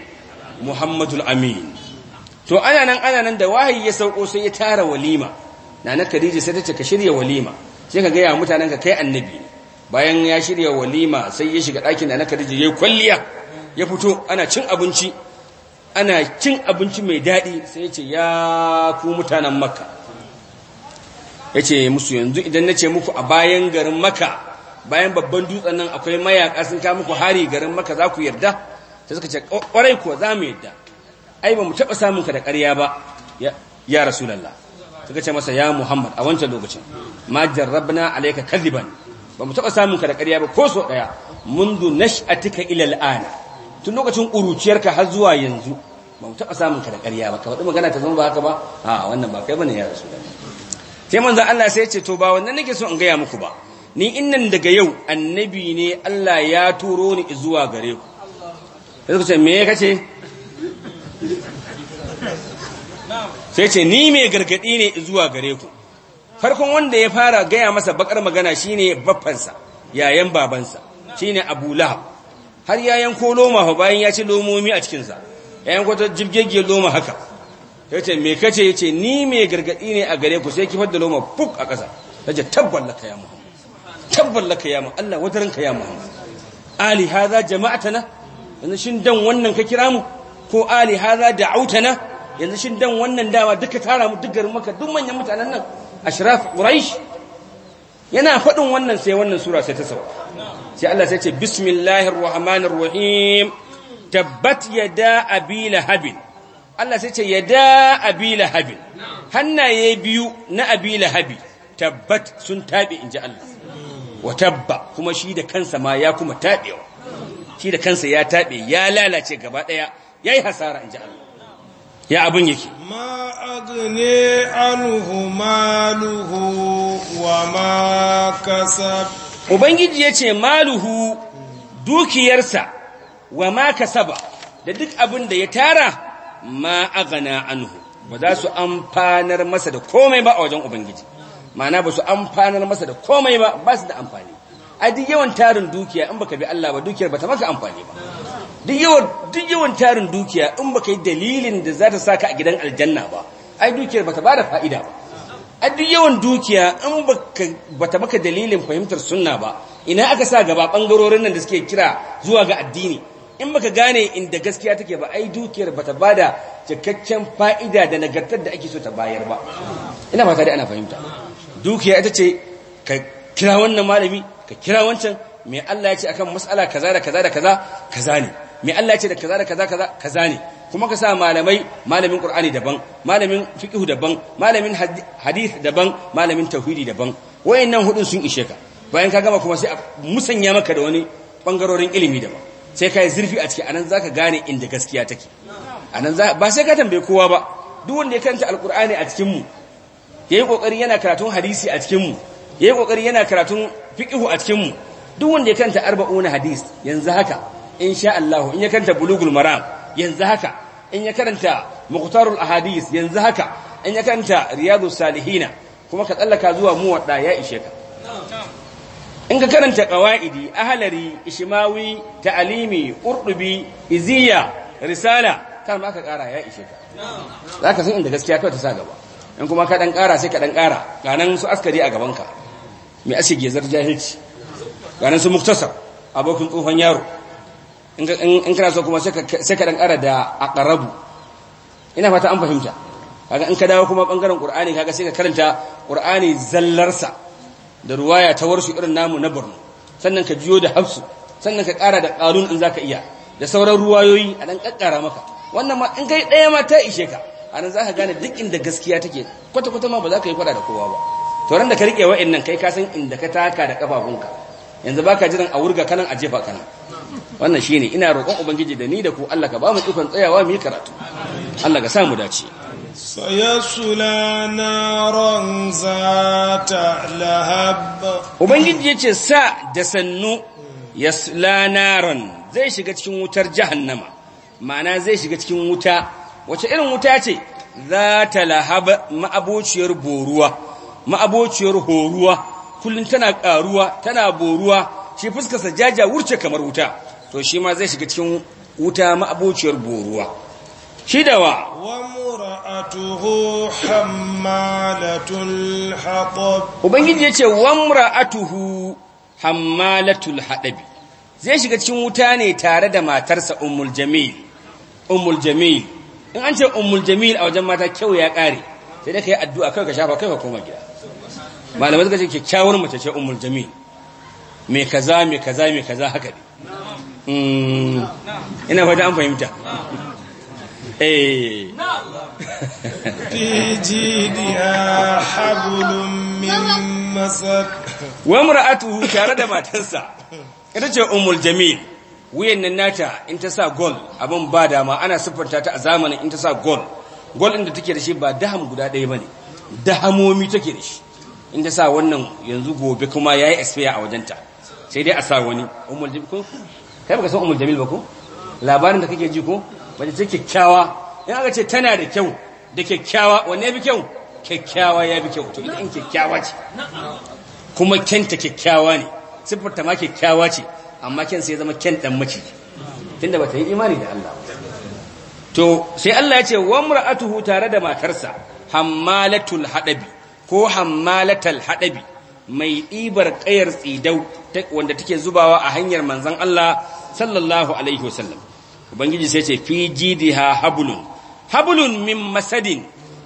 Muhammadul Amin to ana nan ana nan da wahayi ya sauko sai ya tara walima nana Khadija sai ta ce ka shirya walima sai ka gaya mutanen ka kai annabi bayan ya shirya walima sai ya shiga ɗakin da na ya yayi kwalliya ya fito ana cin abinci ana cin abinci mai daɗi sai ya ce ya ku mutanen Makka yace musu yanzu idan na ce muku a bayan garin maka bayan babban dutsen nan akwai mayaka sun ka muku hari garin maka za ku yarda sai suka ce kwarai kuwa za mu yarda ai ba mu taɓa samun ka da ƙarya ba ya rasulullah suka ce masa ya Muhammad a wancan lokacin ma jarrabna alayka kadhiban ba mu taba samun ka da ƙarya ba ko so daya mundu nash'atika ila al'ana tun lokacin uruciyarka har zuwa yanzu ba mu taba samun ka da ƙarya ba ka faɗi magana ta zama ba haka ba a wannan ba kai bane ya rasu sai manzon Allah sai ya ce to ba wannan nake so in gaya muku ba ni innan daga yau annabi ne Allah ya turo ni zuwa gare ku sai suka ce me kace sai ce ni mai gargadi ne zuwa gare ku farkon wanda ya fara gaya masa bakar magana shine baffansa yayan babansa shine Abu Lahab har yayan ko loma fa bayan ya ci lomomi a cikinsa yayan ko ta jibgegge loma haka ce me kace ce ni mai gargadi ne a gare ku sai ki fadda loma fuk a kasa tace tabbalaka ya Muhammad tabballaka ya Muhammad Allah wadaranka ya Muhammad ali hadha jama'atana yanzu shin dan wannan ka kira mu ko ali hada da'autana yanzu shi dan wannan dawa duka tara mu duk garin maka duk manyan mutanen nan ashraf quraish yana faɗin wannan sai wannan sura sai ta sauka sai Allah sai ce bismillahir rahmanir rahim tabbat yada abi lahab Allah sai ce yada abi lahab hannaye biyu na abi lahab tabbat sun tabe inji Allah wa tabba kuma shi da kansa ma ya kuma tabewa shi da kansa ya tabe ya lalace gaba daya yayi hasara inji Allah ya abin yake ma agne anhu maluhu wa ma kasab ubangiji yace maluhu dukiyarsa wa ma kasaba da duk abin da ya tara ma agana anhu ba za su amfanar masa da komai ba a wajen ubangiji ma'ana ba su amfanar masa da komai ba ba su da amfani a duk yawan tarin dukiya in baka bi Allah ba dukiyar ba ta maka amfani ba duk yawan tarin dukiya in baka yi dalilin da za ta saka a gidan aljanna ba ai dukiyar ba ta ba da fa'ida ba a duk yawan dukiya in ba ta maka dalilin fahimtar sunna ba ina aka sa gaba bangarorin nan da suke kira zuwa ga addini in baka gane inda gaskiya take ba ai dukiyar ba ta ba da cikakken fa'ida da nagartar da ake so ta bayar ba ina fata da ana fahimta dukiya ita ce ka kira wannan malami ka kira wancan mai Allah ya ce akan mas'ala kaza da kaza da kaza kaza ne mai Allah ce da kaza da kaza kaza kaza ne kuma ka sa malamai malamin qur'ani daban malamin fiqh daban malamin hadith daban malamin tauhidi daban wayannan hudun sun ishe ka bayan ka gama kuma sai musanya maka da wani bangarorin ilimi daban sai kai zurfi a ciki anan zaka gane inda gaskiya take anan za ba sai ka tambaye kowa ba duk wanda ya kanta alqur'ani a cikin mu yayi kokari yana karatun hadisi a cikin mu yayi kokari yana karatun fiqh a cikin mu duk wanda ya kanta arba'una hadis yanzu haka insha Allah in ya karanta bulugul maram yanzu haka in ya karanta muqtarul ahadith yanzu haka in ya karanta riyadus salihina kuma ka tsallaka zuwa muwadda ya ishe ka in ka karanta qawaidi ahlari ishmawi ta'alimi urdubi iziya risala kan ma ka kara ya ishe ka zaka san inda gaskiya kawai ta sa gaba in kuma ka dan kara sai ka dan kara ganan su askari a gaban ka mai asige zar jahilci ganan su muktasar abokin tsohon yaro in kana so kuma sai ka dan ƙara da aqrabu ina fata an fahimta kaga in ka dawo kuma bangaren qur'ani kaga sai ka karanta qur'ani zallarsa da ruwaya ta warsu irin namu na Borno sannan ka jiyo da Hafsu sannan ka ƙara da qalun in zaka iya da sauran ruwayoyi a dan kakkara maka wannan ma in kai daya ma ta ishe ka anan zaka gane duk inda gaskiya take kwata kwata ma ba za ka yi fada da kowa ba to ran da ka rike wa'annan kai ka san inda ka taka da kafafunka yanzu baka jiran a wurga kanan a jefa kanan wannan shine ina roƙon ubangiji da ni da ku Allah ka ba mu ikon tsayawa mu yi karatu Allah ka sa mu dace sayasula naran zata lahab ubangiji yace sa da sannu yasla naran zai shiga cikin wutar jahannama ma'ana zai shiga cikin wuta wace irin wuta ce zata lahab ma'abociyar boruwa ma'abociyar horuwa kullun tana karuwa tana boruwa shi sa jaja wurce kamar wuta to shi ma zai shiga cikin wuta ma'abuciyar goruwa shi da wa ubangiji ya ce wamra'atuhu hammalatul haɗabi zai shiga cikin wuta ne tare da matarsa ummul jamil ummul jamil in an ce ummul jamil a wajen mata kyau ya ƙare sai dai ka yi addu'a kai ka shafa kai ka koma gida malamai suka ce kyakkyawar mace ce ummul jamil mai kaza mai kaza mai kaza haka ne Mm. ina fata an fahimta eh wa mar'atuhu tare da matarsa ita ce umul jamil wuyan nan nata in ta sa gol abin ba dama ana siffanta ta a zamanin in ta sa gol gol inda take da shi ba daham guda ɗaya bane dahamomi take da shi in ta sa wannan yanzu gobe kuma yayi expire a wajenta sai dai a sa wani umul jamil kai baka san umul jamil ba ko labarin da kake ji ko mace ce kyakkyawa in aka ce tana da kyau da kyakkyawa wanne bi kyau kyakkyawa ya bi kyau to ita in kyakkyawa ce kuma kenta kyakkyawa ne siffar ta ma kyakkyawa ce amma ken sai ya zama ken dan mace tunda bata yi imani da Allah to sai Allah ya ce wa mar'atuhu tare da matarsa hammalatul hadabi ko hammalatal hadabi mai ɗibar ƙayar tsidau wanda take zubawa a hanyar manzan Allah sallallahu alaihi wasallam ubangiji sai ce fi ha, hablun hablun min masadin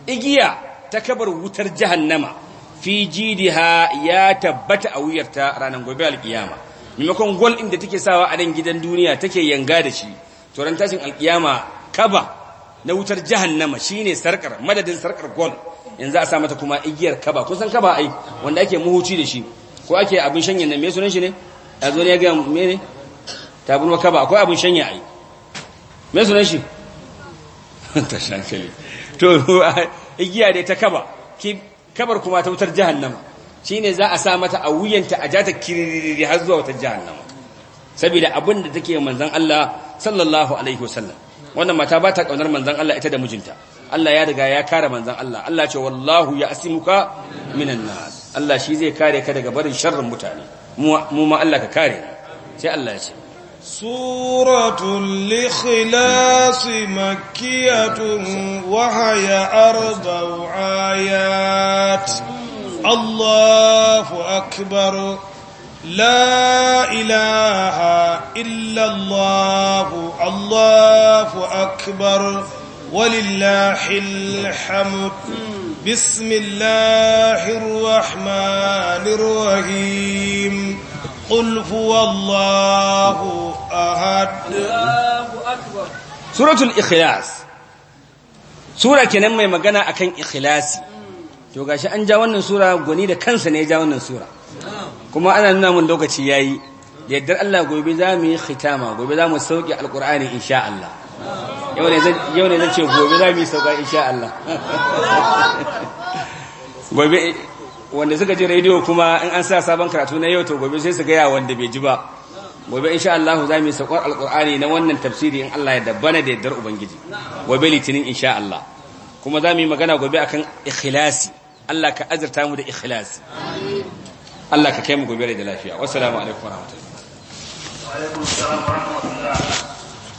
igiya ta kabar wutar jahannama fi ha, ya tabbata a wuyarta ranar gobe alƙiyama. maimakon gol inda take sawa a nan gidan duniya take yanga da shi to tashin alkiyama kaba na wutar jahannama shine sarkar madadin sarkar gol in za a sa mata kuma igiyar kaba kusan kaba ai wanda ake muhuci da shi ko ake abin shanya ne me sunan shi ne a zo ne ya ga me ne tabulwa kaba akwai abin shanya ai me sunan shi ta shankali to igiya dai ta kaba ki kabar kuma ta wutar jahannama shine za a sa mata a wuyanta a jata kiriri har zuwa wutar jahannama saboda abin da take manzon Allah sallallahu alaihi wasallam wannan mata ba ta kaunar manzon Allah ita da mijinta Allah ya riga ya kare manzan Allah Allah ce wallahu ya asimuka minan nas Allah shi zai kare ka daga barin sharrin mutane mu ma Allah ka kare sai Allah ya ce suratul likhlas makkiyatun wa haya arba'u ayat Allahu akbar لا إله إلا الله الله أكبر ولله الحمد بسم الله الرحمن الرحيم قل هو الله أهد الله سورة الإخلاص sura kenan mai magana akan to gashi an ja wannan sura goni da kansa ne ya ja wannan sura kuma ana nuna mun lokaci yayi yaddar Allah gobe za mu yi khitama gobe za mu sauke alqur'ani insha Allah yau ne zai ce gobe za mu yi sauka insha Allah gobe wanda suka ji rediyo kuma in an sa sabon karatu na yau to gobe sai su gaya wanda bai ji ba gobe insha Allah za mu yi saukar alkur'ani na wannan tafsiri in Allah ya dabbana da yaddar ubangiji gobe litinin insha Allah kuma za mu yi magana gobe akan ikhlasi Allah ka azurta mu da ikhlasi Allah ka kai mu gobe da lafiya wassalamu alaikum wa alaikum assalam wa rahmatullahi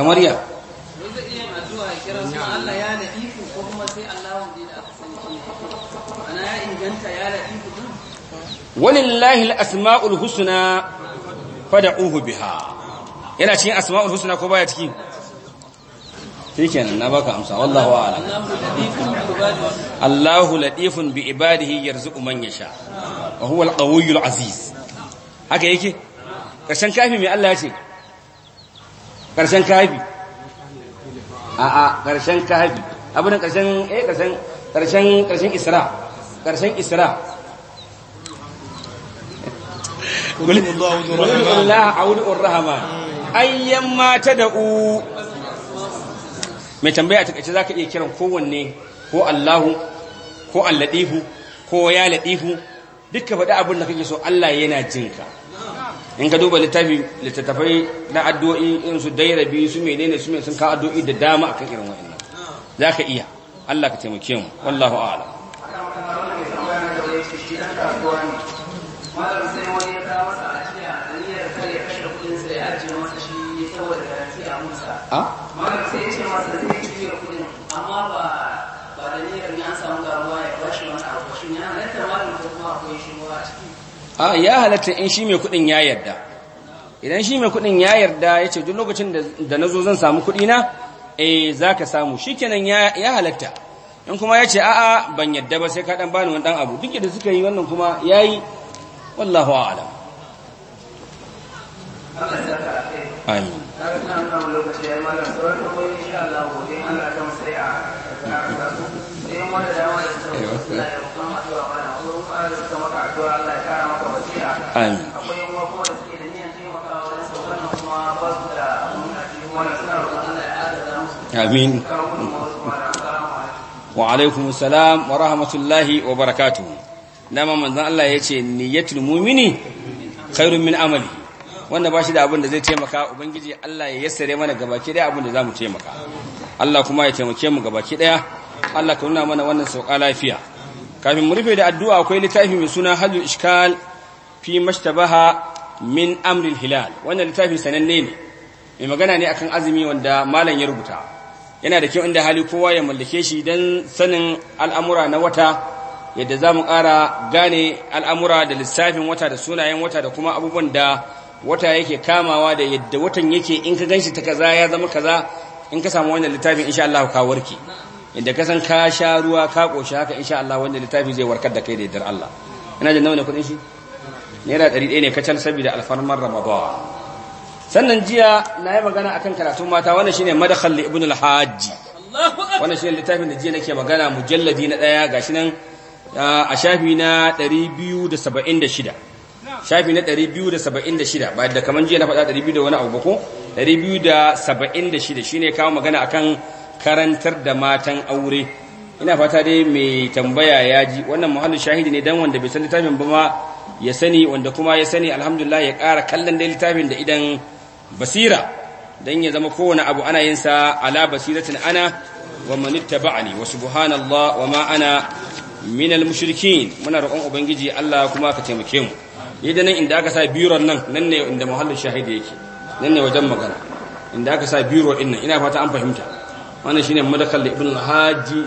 kamar ya walillahi al-asma'ul husna uhu biha yana cikin asma'ul husna ko baya ciki shikenan na baka amsa wallahu a'lam Allahu latifun bi ibadihi yarzuqu man yasha wa huwa al-qawiyyul aziz haka yake karshen kafin mai Allah ya ce ƙarshen kafi a a ƙarshen kafi abin ƙarshen eh ƙarshen karshen isra ƙarshen isra Allah a'udhu urrahman ayyan mata da u mai tambaya ta kace zaka iya kiran kowanne ko Allahu ko Alladihu ko ya Ladihu duka faɗi abin da kake so Allah yana jinka in ka duba littafi littattafai na addu'o'i in su dairabi su menene su sun ka addu'o'i da dama akan irin wa'annan za ka iya Allah ka taimake mu wallahu a'lam amma ba da niyyar samu garuwa ya bashi wani abu shi ne ko kuma akwai shi a ciki a ya halatta in shi mai kuɗin ya yarda idan shi mai kuɗin ya yarda ya ce duk lokacin da na zo zan samu kuɗi na eh za ka samu shi kenan ya halatta in kuma ya ce a'a ban yarda ba sai ka ɗan bani wani ɗan abu duk da suka yi wannan kuma ya yi wallahu a'alam amin Thank you. amin wa alaikum salam wa rahmatullahi wa barakatu dama manzon Allah ya ce niyyatul mu'mini khairun min amali wanda bashi da abin da zai taimaka ubangiji Allah ya yassare mana gabaki daya abin da zamu taimaka Allah kuma ya taimake mu gabaki daya Allah ka nuna mana wannan sauka lafiya kafin mu rufe da addu'a akwai littafi mai suna hajju ishkal fi mashtabaha min amril hilal wannan littafi sananne ne mai magana ne akan azumi wanda malam ya rubuta yana da kyau inda hali kowa ya mallake shi don sanin al'amura na wata yadda za mu ƙara gane al'amura da lissafin wata da sunayen wata da kuma abubuwan da wata yake kamawa da yadda watan yake in ka gan shi ta kaza ya zama kaza in ka samu wannan littafin insha Allah ka warke inda ka san ka sha ruwa ka ƙoshi haka insha Allah wannan littafi zai warkar da kai da yardar Allah ina da nawa ne kuɗin shi naira ɗari ɗaya ne kacal saboda alfarmar ramadan sannan jiya na yi magana akan karatun mata wannan shine madakhal li ibn al-hajji wannan shine littafin da jiya nake magana mujalladi na daya shi nan a shafi na 276 shafi na 276 ba da kaman jiya na faɗa 200 da wani abu ko 276 shine kawo magana akan karantar da matan aure ina fata dai mai tambaya ya ji wannan muhallin shahidi ne dan wanda bai san littafin ba ma ya sani wanda kuma ya sani alhamdulillah ya ƙara kallon da littafin da idan basira dan ya zama kowane abu ana yin sa ala basiratin ana wa man ittaba'ani wa subhanallah wa ma ana min al muna roƙon ubangiji Allah kuma ka taimake mu yadda nan inda aka sa biron nan nan ne inda muhallin shahidi yake nan ne wajen magana inda aka sa biro din ina fata an fahimta wannan shine madakal ibn al-haji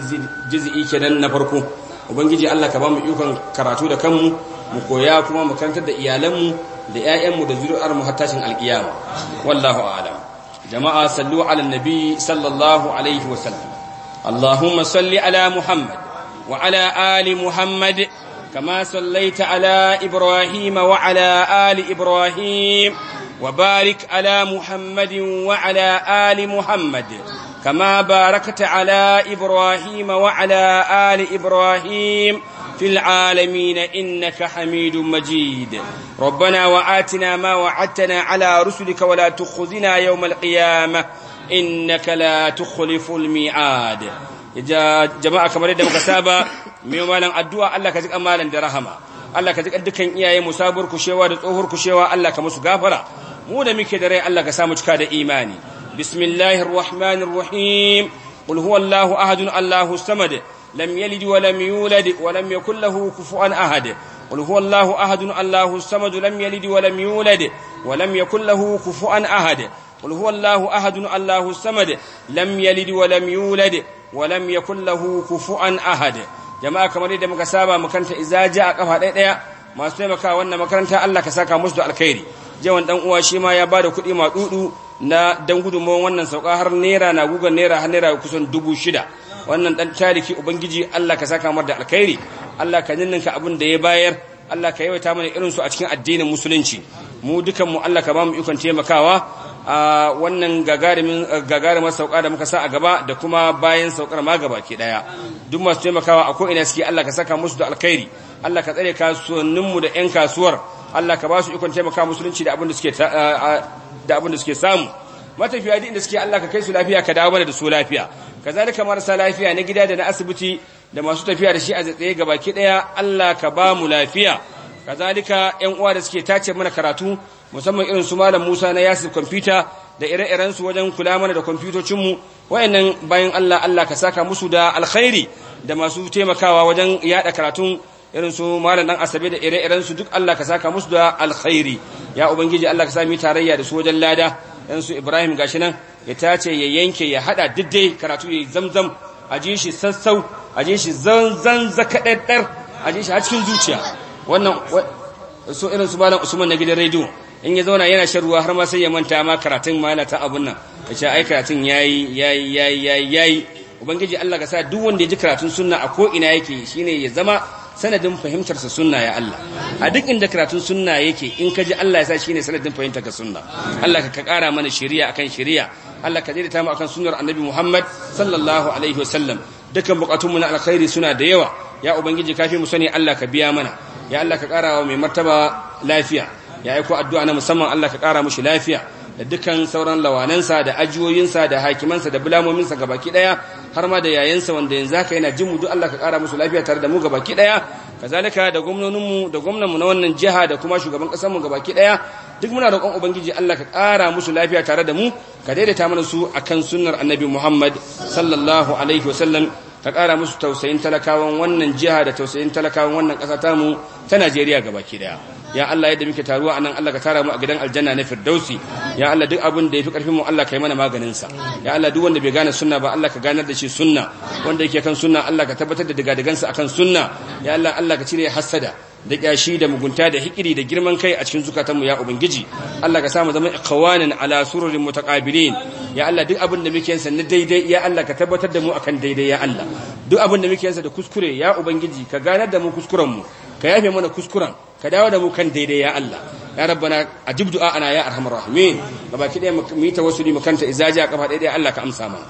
juz'i kenan na farko ubangiji Allah ka ba mu ikon karatu da kanmu mu koya kuma mu kantar da iyalanmu da 'ya'yanmu da zuri'armu har tashin alkiyama wallahu a'lam jama'a sallu ala nabi sallallahu alaihi wa sallam allahumma salli ala muhammad wa ala ali muhammad kama sallaita ala ibrahim wa ala ali ibrahim wa barik ala muhammadin wa ala ali muhammad kama كما باركت على ابراهيم وعلى ال ابراهيم في العالمين إنك حميد مجيد ربنا وآتنا ما وعدتنا على رسلك ولا تخذنا يوم القيامة إنك لا تخلف الميعاد jama'a kamar yadda muka saba mai addu'a Allah ka jiƙa malam da rahama Allah ka jiƙa dukkan iyaye mu sabuwar da tsohuwar kushewa Allah ka musu gafara mu da muke da rai Allah ka samu cika da imani bismillahir ahadun allahus samad لم يلد ولم يولد ولم يكن له كفوا أحد قل هو الله أحد الله الصمد لم يلد ولم يولد ولم يكن له كفوا أحد قل هو الله أحد الله الصمد لم يلد ولم يولد ولم يكن له كفوا أحد jama'a kamar yadda muka saba makaranta iza ja a kafa ɗaya ɗaya masu taimaka wannan makaranta Allah ka saka musu da alkhairi jawan dan uwa shi ma ya da kuɗi ma na dan gudunmawar wannan sauka har naira na gugan naira har naira kusan dubu shida wannan dan tariki ubangiji Allah ka saka mar da alkhairi Allah ka ninninka abin da ya bayar Allah ka yawaita mana irin su a cikin addinin musulunci mu dukan mu Allah ka ba mu ikon taimakawa a wannan gagarumin gagarumar sauka da muka sa a gaba da kuma bayan saukar ma gaba ke daya duk masu taimakawa a ko ina suke Allah ka saka musu da alkhairi Allah ka tsare kasuwanninmu da 'yan kasuwar Allah ka ba su ikon taimaka musulunci da abin da suke samu matafiya duk inda suke Allah ka kai su lafiya ka dawo mana da su lafiya kazalika marasa lafiya na gida da na asibiti da masu tafiya da shi a tsaye gabaki daya Allah ka ba mu lafiya kazalika ƴan uwa da suke tace mana karatu musamman irin su malam Musa na Yasir computer da ire-iren su wajen kula mana da kwamfutocin mu wayannan bayan Allah Allah ka saka musu da alkhairi da masu taimakawa wajen yada karatun irin su malam dan asabe da ire-iren su duk Allah ka saka musu da alkhairi ya ubangiji Allah ka sami tarayya da su wajen lada yansu su Ibrahim gashi nan ya tace ya yanke ya hada diddai karatu ya zamzam a ji shi sassau a ji shi zanzan zakadaddar a ji shi a cikin zuciya wannan so irin su malam Usman na gidan rediyo in ya zauna yana shan ruwa har ma sai ya manta ma karatun ma yana ta abun nan ya ce ai karatun yayi yayi yayi yayi ubangiji Allah ka sa duk wanda ya ji karatun sunna a ko ina yake shine ya zama sanadin fahimtar sa sunna ya Allah a duk inda karatun sunna yake in ka ji Allah ya sa shine sanadin fahimtar ka sunna Allah ka kara mana shari'a akan shari'a Allah ka daidaita mu akan sunnar annabi Muhammad sallallahu alaihi wasallam dukkan bukatun mu na alkhairi suna da yawa ya ubangiji kafi mu sani Allah ka biya mana ya Allah ka kara wa mai martaba lafiya ya aiko addu'a na musamman Allah ka kara mushi lafiya da dukkan sauran lawanansa da ajiyoyinsa da hakimansa da bulamominsa gabaki daya har ma da yayansa wanda yanzu haka yana jin mu duk Allah ka kara musu lafiya tare da mu gabaki daya kazalika da gwamnoninmu da gwamnanmu na wannan jiha da kuma shugaban ƙasarmu gabaki ɗaya duk muna roƙon ubangiji Allah ka ƙara musu lafiya tare da mu ka daidaita mana su akan sunnar annabi Muhammad sallallahu alaihi wasallam ka ƙara musu tausayin talakawan wannan jiha da tausayin talakawan wannan ƙasa mu ta Najeriya gabaki ɗaya ya Allah yadda muke taruwa nan Allah ka tara mu a gidan aljanna na firdausi ya Allah duk abin da fi karfin mu Allah yi mana maganin sa ya Allah duk wanda bai gane sunna ba Allah ka ganar da shi sunna wanda yake kan sunna Allah ka tabbatar da digadigansa akan sunna ya Allah Allah ka cire hasada da kyashi da mugunta da hikiri da girman kai a cikin zukatanmu ya ubangiji Allah ka samu zama ikhwanan ala sururin mutaqabilin ya Allah duk abin da muke yansa na daidai ya Allah ka tabbatar da mu akan daidai ya Allah duk abin da muke yansa da kuskure ya ubangiji ka ganar da mu kuskuren mu ka yafe mana kuskuren ka dawo da mu kan daidai ya Allah ya rabbana ajib du'a ana ya arhamar rahimin gabaki daya mu yi wasuli mu kanta izaji a kafa daidai Allah ka amsa mana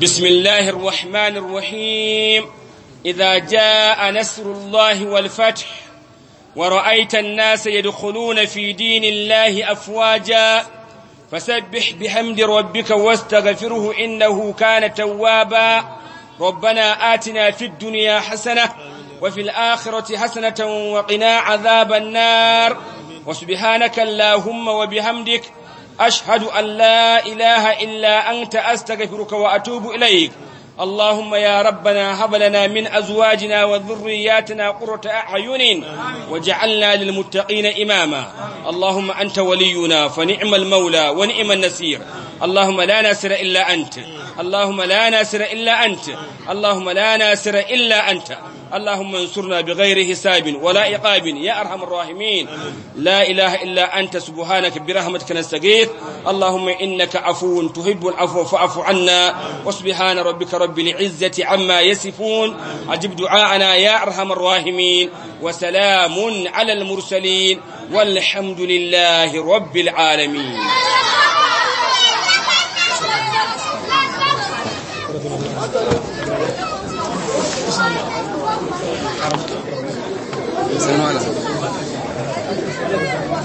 bismillahir rahmanir rahim idza jaa nasrullahi wal fath ورأيت الناس يدخلون في دين الله أفواجا فسبح بحمد ربك واستغفره إنه كان توابا ربنا آتنا في الدنيا حسنة وفي الآخرة حسنة وقنا عذاب النار وسبحانك اللهم وبحمدك أشهد أن لا إله إلا أنت أستغفرك وأتوب إليك اللهم يا ربنا هب لنا من أزواجنا وذرياتنا قرة أعين وجعلنا للمتقين إماما اللهم أنت ولينا فنعم المولى ونعم النصير اللهم لا ناصر إلا أنت اللهم لا ناصر إلا أنت اللهم لا ناصر إلا أنت اللهم انصرنا بغير حساب ولا عقاب يا أرحم الراحمين لا إله إلا أنت سبحانك برحمتك نستغيث اللهم إنك عفو تحب العفو فاعف عنا وسبحان ربك رب العزة عما يصفون أجب دعاءنا يا أرحم الراحمين وسلام على المرسلين والحمد لله رب العالمين Se mueve